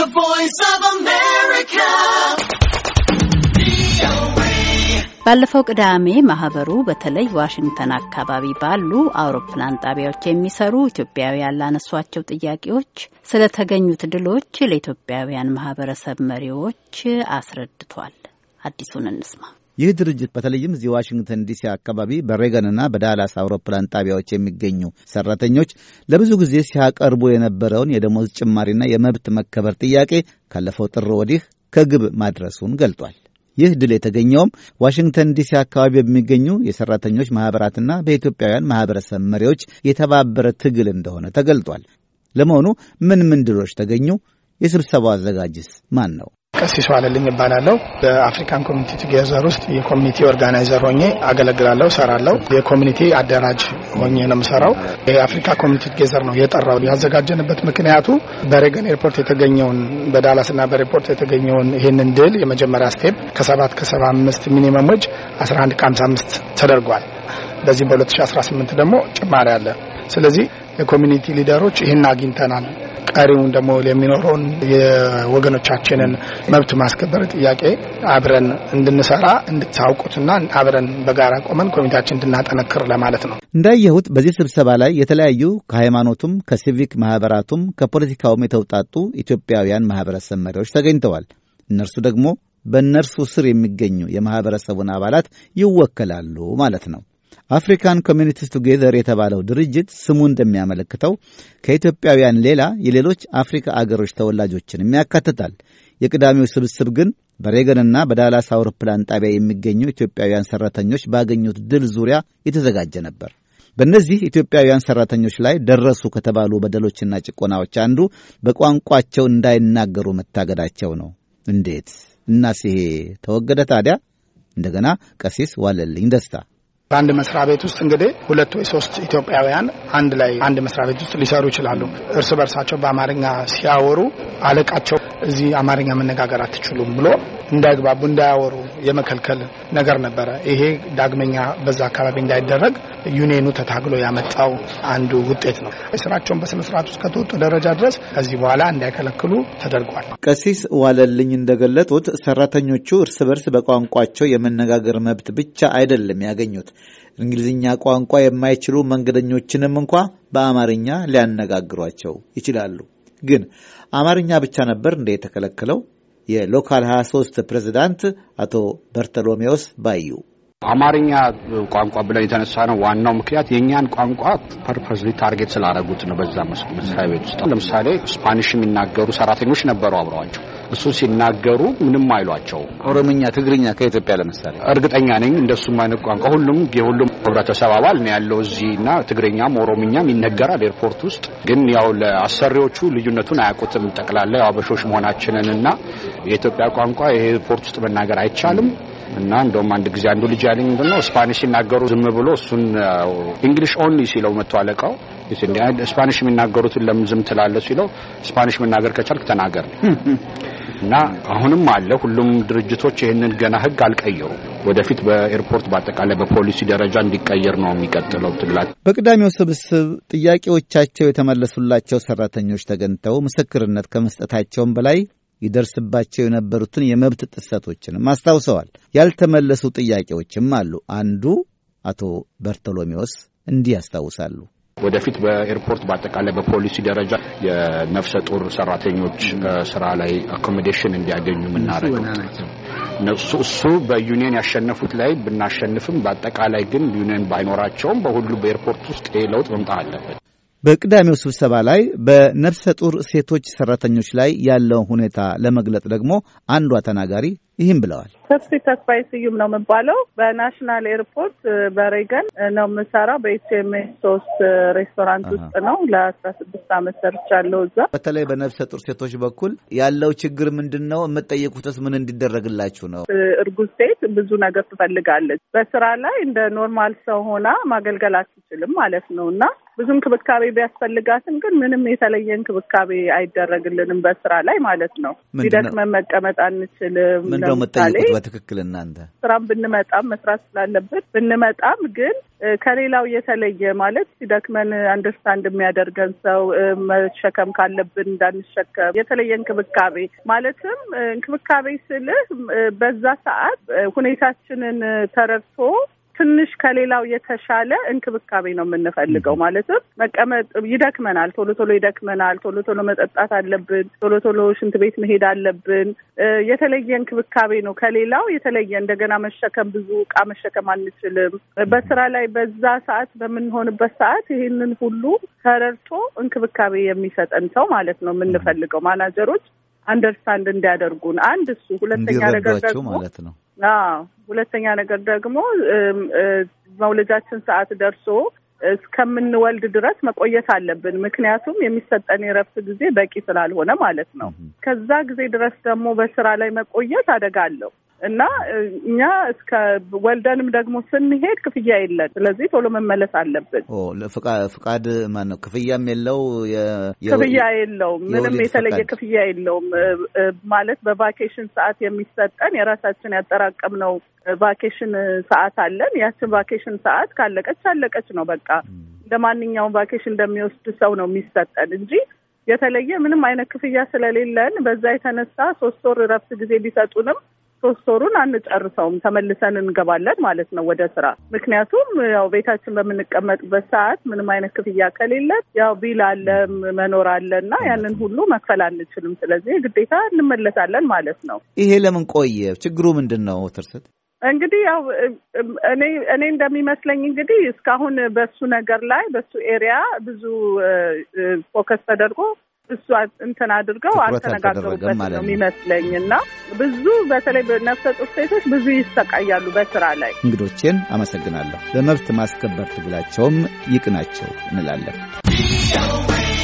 The Voice of America. ባለፈው ቅዳሜ ማህበሩ በተለይ ዋሽንግተን አካባቢ ባሉ አውሮፕላን ጣቢያዎች የሚሰሩ ኢትዮጵያውያን ላነሷቸው ጥያቄዎች ስለተገኙት ድሎች ለኢትዮጵያውያን ማህበረሰብ መሪዎች አስረድቷል። አዲሱን እንስማ። ይህ ድርጅት በተለይም እዚህ ዋሽንግተን ዲሲ አካባቢ በሬገንና በዳላስ አውሮፕላን ጣቢያዎች የሚገኙ ሰራተኞች ለብዙ ጊዜ ሲያቀርቡ የነበረውን የደሞዝ ጭማሪና የመብት መከበር ጥያቄ ካለፈው ጥር ወዲህ ከግብ ማድረሱን ገልጧል። ይህ ድል የተገኘውም ዋሽንግተን ዲሲ አካባቢ በሚገኙ የሰራተኞች ማኅበራትና በኢትዮጵያውያን ማኅበረሰብ መሪዎች የተባበረ ትግል እንደሆነ ተገልጧል። ለመሆኑ ምን ምን ድሎች ተገኙ? የስብሰባው አዘጋጅስ ማን ነው? ቀሲሶ አለልኝ ይባላለሁ። በአፍሪካን ኮሚኒቲ ቱጌዘር ውስጥ የኮሚኒቲ ኦርጋናይዘር ሆኜ አገለግላለሁ፣ ሰራለሁ። የኮሚኒቲ አደራጅ ሆኜ ነው የምሰራው። የአፍሪካ ኮሚኒቲ ቱጌዘር ነው የጠራው። ያዘጋጀንበት ምክንያቱ በሬገን ኤርፖርት የተገኘውን እና በሬፖርት የተገኘውን ይህንን ድል የመጀመሪያ ስቴፕ ከሰባት ከሰባ አምስት ሚኒመም 11 ከ55 ተደርጓል። በዚህ በ2018 ደግሞ ጭማሪ አለ። ስለዚህ የኮሚኒቲ ሊደሮች ይህን አግኝተናል ቀሪውን ደግሞ የሚኖረውን የወገኖቻችንን መብት ማስከበር ጥያቄ አብረን እንድንሰራ እንድታውቁትና አብረን በጋራ ቆመን ኮሚቴያችን እንድናጠነክር ለማለት ነው። እንዳየሁት በዚህ ስብሰባ ላይ የተለያዩ ከሃይማኖቱም፣ ከሲቪክ ማህበራቱም፣ ከፖለቲካውም የተውጣጡ ኢትዮጵያውያን ማህበረሰብ መሪዎች ተገኝተዋል። እነርሱ ደግሞ በእነርሱ ስር የሚገኙ የማህበረሰቡን አባላት ይወከላሉ ማለት ነው። አፍሪካን ኮሚኒቲስ ቱጌዘር የተባለው ድርጅት ስሙ እንደሚያመለክተው ከኢትዮጵያውያን ሌላ የሌሎች አፍሪካ አገሮች ተወላጆችንም ያካትታል። የቅዳሜው ስብስብ ግን በሬገንና በዳላስ አውሮፕላን ጣቢያ የሚገኙ ኢትዮጵያውያን ሠራተኞች ባገኙት ድል ዙሪያ የተዘጋጀ ነበር። በእነዚህ ኢትዮጵያውያን ሠራተኞች ላይ ደረሱ ከተባሉ በደሎችና ጭቆናዎች አንዱ በቋንቋቸው እንዳይናገሩ መታገዳቸው ነው። እንዴት እናስ ይሄ ተወገደ ታዲያ? እንደገና ቀሲስ ዋለልኝ ደስታ በአንድ መስሪያ ቤት ውስጥ እንግዲህ ሁለት ወይ ሶስት ኢትዮጵያውያን አንድ ላይ አንድ መስሪያ ቤት ውስጥ ሊሰሩ ይችላሉ። እርስ በርሳቸው በአማርኛ ሲያወሩ አለቃቸው እዚህ አማርኛ መነጋገር አትችሉም ብሎ እንዳይግባቡ እንዳያወሩ የመከልከል ነገር ነበረ። ይሄ ዳግመኛ በዛ አካባቢ እንዳይደረግ ዩኔኑ ተታግሎ ያመጣው አንዱ ውጤት ነው። ስራቸውን በስነስርዓት ውስጥ ከተወጡ ደረጃ ድረስ ከዚህ በኋላ እንዳይከለክሉ ተደርጓል። ቀሲስ ዋለልኝ እንደገለጡት ሰራተኞቹ እርስ በርስ በቋንቋቸው የመነጋገር መብት ብቻ አይደለም ያገኙት እንግሊዝኛ ቋንቋ የማይችሉ መንገደኞችንም እንኳ በአማርኛ ሊያነጋግሯቸው ይችላሉ። ግን አማርኛ ብቻ ነበር እንደ የተከለከለው? የሎካል 23 ፕሬዚዳንት አቶ በርተሎሜዎስ ባዩ አማርኛ ቋንቋ ብለን የተነሳ ነው። ዋናው ምክንያት የእኛን ቋንቋ ፐርፐስሊ ታርጌት ስላደረጉት ነው። በዛ መስሪያ ቤት ውስጥ ለምሳሌ ስፓኒሽ የሚናገሩ ሰራተኞች ነበሩ አብረዋቸው እሱ ሲናገሩ ምንም አይሏቸው። ኦሮምኛ፣ ትግርኛ ከኢትዮጵያ ለምሳሌ እርግጠኛ ነኝ እንደሱ አይነት ቋንቋ ሁሉም የሁሉም ህብረተሰብ አባል ነው ያለው እዚህና ትግርኛም ኦሮምኛም ይነገራል ኤርፖርት ውስጥ። ግን ያው ለአሰሪዎቹ ልዩነቱን አያውቁትም። ጠቅላላ አበሾች መሆናችንን እና የኢትዮጵያ ቋንቋ የኤርፖርት ውስጥ መናገር አይቻልም እና እንደውም አንድ ጊዜ አንዱ ልጅ ያለኝ ነው ስፓኒሽ ሲናገሩ ዝም ብሎ እሱን እንግሊሽ ኦንሊ ሲለው መቶ አለቃው ስፓኒሽ የሚናገሩትን ለምን ዝም ትላለህ ሲለው ስፓኒሽ መናገር ከቻልክ ተናገር እና አሁንም አለ። ሁሉም ድርጅቶች ይህንን ገና ህግ አልቀየሩም። ወደፊት በኤርፖርት በአጠቃላይ በፖሊሲ ደረጃ እንዲቀየር ነው የሚቀጥለው ትግላት። በቅዳሜው ስብስብ ጥያቄዎቻቸው የተመለሱላቸው ሰራተኞች ተገኝተው ምስክርነት ከመስጠታቸውም በላይ ይደርስባቸው የነበሩትን የመብት ጥሰቶችንም አስታውሰዋል። ያልተመለሱ ጥያቄዎችም አሉ። አንዱ አቶ በርቶሎሜዎስ እንዲህ ያስታውሳሉ። ወደፊት በኤርፖርት በአጠቃላይ በፖሊሲ ደረጃ የነፍሰ ጡር ሰራተኞች ስራ ላይ አኮሞዴሽን እንዲያገኙ የምናደርገው እሱ በዩኒየን ያሸነፉት ላይ ብናሸንፍም በአጠቃላይ ግን ዩኒየን ባይኖራቸውም በሁሉ በኤርፖርት ውስጥ ለውጥ መምጣት አለበት። በቅዳሜው ስብሰባ ላይ በነፍሰ ጡር ሴቶች ሰራተኞች ላይ ያለውን ሁኔታ ለመግለጥ ደግሞ አንዷ ተናጋሪ ይህም ብለዋል። ሰፊ ተስፋይ ስዩም ነው የምባለው። በናሽናል ኤርፖርት በሬገን ነው የምሰራው። በኤችኤምኤስ ሶስት ሬስቶራንት ውስጥ ነው ለአስራ ስድስት አመት ሰርቻለሁ እዛ። በተለይ በነፍሰ ጡር ሴቶች በኩል ያለው ችግር ምንድን ነው? የምጠየቁትስ ምን እንዲደረግላችሁ ነው? እርጉዝ ሴት ብዙ ነገር ትፈልጋለች። በስራ ላይ እንደ ኖርማል ሰው ሆና ማገልገል አትችልም ማለት ነው እና ብዙ እንክብካቤ ቢያስፈልጋትም ግን ምንም የተለየ እንክብካቤ አይደረግልንም በስራ ላይ ማለት ነው። ሲደክመን መቀመጥ አንችልም። ነው የምጠይቁት በትክክል እናንተ ስራም ብንመጣም መስራት ስላለበት ብንመጣም ግን ከሌላው የተለየ ማለት ሲደክመን አንደርስታንድ የሚያደርገን ሰው መሸከም ካለብን እንዳንሸከም የተለየ እንክብካቤ ማለትም እንክብካቤ ስልህ በዛ ሰዓት ሁኔታችንን ተረድቶ ትንሽ ከሌላው የተሻለ እንክብካቤ ነው የምንፈልገው። ማለትም መቀመጥ ይደክመናል፣ ቶሎ ቶሎ ይደክመናል። ቶሎ ቶሎ መጠጣት አለብን፣ ቶሎ ቶሎ ሽንት ቤት መሄድ አለብን። የተለየ እንክብካቤ ነው ከሌላው የተለየ። እንደገና መሸከም ብዙ እቃ መሸከም አንችልም። በስራ ላይ በዛ ሰዓት በምንሆንበት ሰዓት ይህንን ሁሉ ተረድቶ እንክብካቤ የሚሰጠን ሰው ማለት ነው የምንፈልገው ማናጀሮች አንደርስታንድ እንዲያደርጉን አንድ እሱ ሁለተኛ ነገር ደግሞ ማለት ነው ሁለተኛ ነገር ደግሞ መውለጃችን ሰዓት ደርሶ እስከምንወልድ ድረስ መቆየት አለብን። ምክንያቱም የሚሰጠን የረፍት ጊዜ በቂ ስላልሆነ ማለት ነው። ከዛ ጊዜ ድረስ ደግሞ በስራ ላይ መቆየት አደጋ አለው። እና እኛ እስከ ወልደንም ደግሞ ስንሄድ ክፍያ የለን። ስለዚህ ቶሎ መመለስ አለብን። ፍቃድ ማነው? ክፍያም የለው ክፍያ የለውም። ምንም የተለየ ክፍያ የለውም። ማለት በቫኬሽን ሰዓት የሚሰጠን የራሳችን ያጠራቀምነው ቫኬሽን ሰዓት አለን። ያችን ቫኬሽን ሰዓት ካለቀች አለቀች ነው በቃ። እንደ ማንኛውም ቫኬሽን እንደሚወስድ ሰው ነው የሚሰጠን እንጂ የተለየ ምንም አይነት ክፍያ ስለሌለን በዛ የተነሳ ሶስት ወር እረፍት ጊዜ ቢሰጡንም ሶስት ወሩን አንጨርሰውም፣ ተመልሰን እንገባለን ማለት ነው ወደ ስራ። ምክንያቱም ያው ቤታችን በምንቀመጥበት ሰዓት ምንም አይነት ክፍያ ከሌለ ያው ቢል አለ መኖር አለ እና ያንን ሁሉ መክፈል አንችልም። ስለዚህ ግዴታ እንመለሳለን ማለት ነው። ይሄ ለምን ቆየ? ችግሩ ምንድን ነው ትርስት? እንግዲህ ያው እኔ እኔ እንደሚመስለኝ እንግዲህ እስካሁን በሱ ነገር ላይ በሱ ኤሪያ ብዙ ፎከስ ተደርጎ እሷ እንትን አድርገው አልተነጋገሩበት ነው የሚመስለኝ። እና ብዙ በተለይ ነፍሰ ጡር ሴቶች ብዙ ይሰቃያሉ በስራ ላይ። እንግዶቼን አመሰግናለሁ። ለመብት ማስከበር ትግላቸውም ይቅናቸው እንላለን።